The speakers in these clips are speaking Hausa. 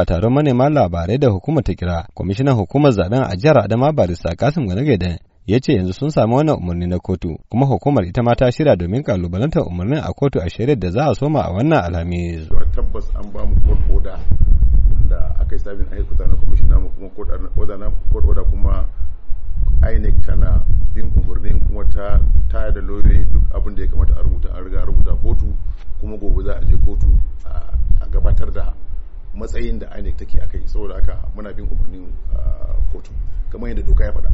A taron manema labarai da hukumar ta kira, kwamishinan hukumar zaben a jihar Adama Barista Kasim Gwanagaidan ya ce yanzu sun sami wannan umarni na kotu kuma hukumar ita ma ta shirya domin kalubalantar umarnin a kotu a shirin da za a soma a wannan alhamis. tabbas an ba mu court order wanda aka yi sabin aikuta na kwamishina mu kuma court order kuma INEC tana bin umarnin kuma ta tayar da lori duk abin da ya kamata a rubuta. matsayin da INEC take a kai saboda haka muna bin umarnin uh, kotu kamar yadda doka ya faɗa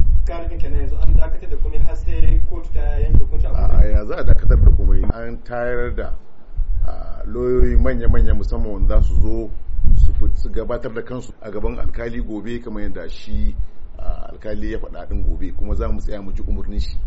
ka kenan yanzu an dakatar da komai har sai kotu ta yanke hukunci a ya za a dakatar da komai an tayar da uh, lauyoyi manya-manya musamman wanda su zo su gabatar da kansu a gaban alkali gobe kamar yadda shi uh, alkali ya faɗa ɗin gobe kuma za mu tsaya mu ji umarnin shi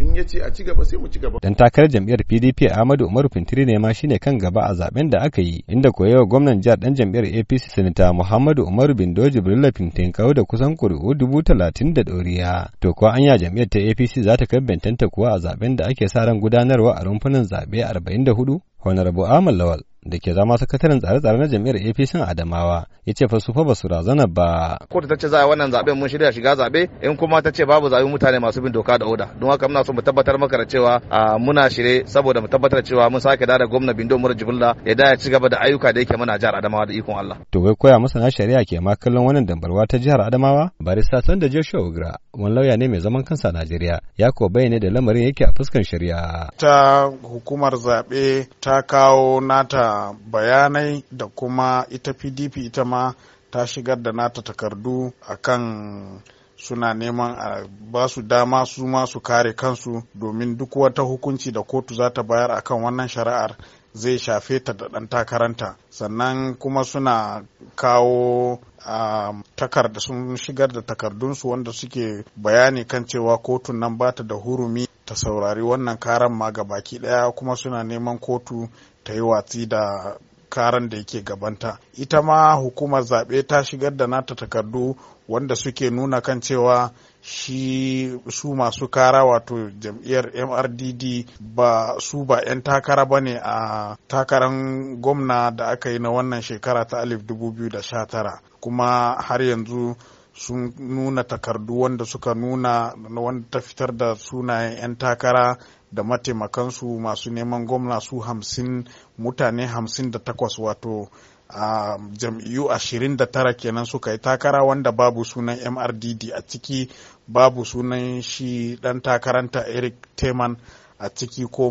in ya ce a ci gaba sai mu ci gaba. Dan takarar jam'iyyar PDP Ahmadu Umaru Fintiri ne ma shine kan gaba a zaben da aka yi inda koyewa gwamnan jihar dan jam'iyyar APC Sanata Muhammadu Umaru Bindo Jibrila Fintinkau da kusan kuri'u dubu talatin da ɗoriya. To kuwa anya jam'iyyar ta APC za ta kai bentanta kuwa a zaben da ake sa ran gudanarwa a rumfunan zaɓe arba'in da hudu? Honorable Amal Lawal da ke zama sakataren tsare-tsare na jam'iyyar APC Adamawa ya ce fa su fa basu razana ba. Kotu ta ce za a wannan zaɓen mun shirya shiga zaɓe in kuma ta ce babu zaɓen mutane masu bin doka da oda don haka muna so mu tabbatar maka da cewa muna shirye saboda mu tabbatar cewa mun sake dada gwamna Bindo Umar Jibila ya da ya ci gaba da ayyuka da yake mana jihar Adamawa da ikon Allah. To wai koya masana shari'a ke ma kallon wannan dambarwa ta jihar Adamawa barista Sanda Joshua Ugra wani lauya ne mai zaman kansa a Najeriya ya ko bayyana da lamarin yake a fuskar shari'a. Ta hukumar zaɓe ta kawo nata bayanai da kuma ita PDP ita ma ta shigar da nata takardu a kan suna neman a ba su dama su ma su kare kansu domin duk wata hukunci da kotu za ta bayar akan wannan shari'ar zai shafe ta da ɗan takaranta sannan kuma suna kawo a takarda sun shigar da takardunsu wanda suke bayani kan cewa kotun nan ba ta da hurumi ta saurari wannan karan ma ga baki ɗaya kuma suna neman kotu ta yi watsi da karan da yake gabanta ita ma hukumar zaɓe ta shigar da nata takardu wanda suke nuna kan cewa shi su masu kara wato jam'iyyar mrdd ba su ba 'yan takara ba ne a takarar gwamna da aka yi na wannan shekara ta 2019 kuma har yanzu sun nuna takardu wanda suka nuna wanda ta fitar da sunayen 'yan takara da mataimakansu masu neman gwamna su hamsin mutane hamsin da takwas wato a jam'iyyu ashirin da tara kenan suka yi takara wanda babu sunan mrdd a ciki babu sunan shi dan takaranta eric teman a ciki ko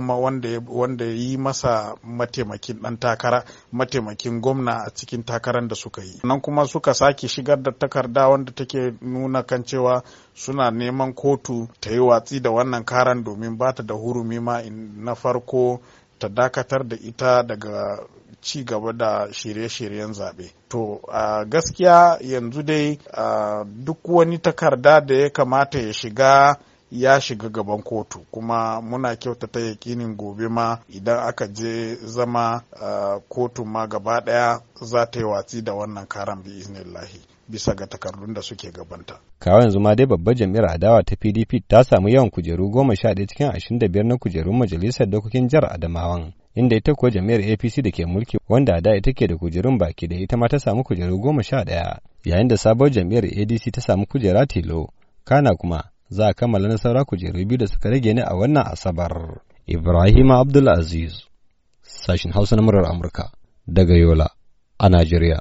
wanda ya yi masa mataimakin dan takara mataimakin gwamna a cikin takarar da suka yi nan kuma suka sake shigar da takarda wanda take nuna kan cewa suna neman kotu ta yi watsi da wannan karan domin ba ta da hurumi ma na farko ta dakatar da ita daga ci gaba da shirye-shiryen zaɓe. To a gaskiya yanzu dai duk wani takarda da ya kamata ya shiga ya shiga gaban kotu kuma muna kyautata yakinin gobe ma idan aka je zama uh, kotu ma gaba daya za ta yi watsi da wannan karan bi iznillahi bisa ga takardun da suke gabanta. Kawo yanzu ma dai babbar jami'ar adawa ta PDP ta samu yawan kujeru goma sha ɗaya cikin ashirin da biyar na kujerun majalisar dokokin jihar Adamawan. Inda ita kuwa jam'iyyar APC da ke mulki wanda da ita ke da kujerun baki da ita ma ta samu kujeru goma sha ɗaya. Yayin da sabuwar jam'iyyar ADC ta samu kujera tilo. Kana kuma za a kammala nasara saura kujeru biyu da suka rage ni a wannan asabar. Ibrahim Abdulaziz, sashin Hausa na murar Amurka, daga Yola, a Najeriya.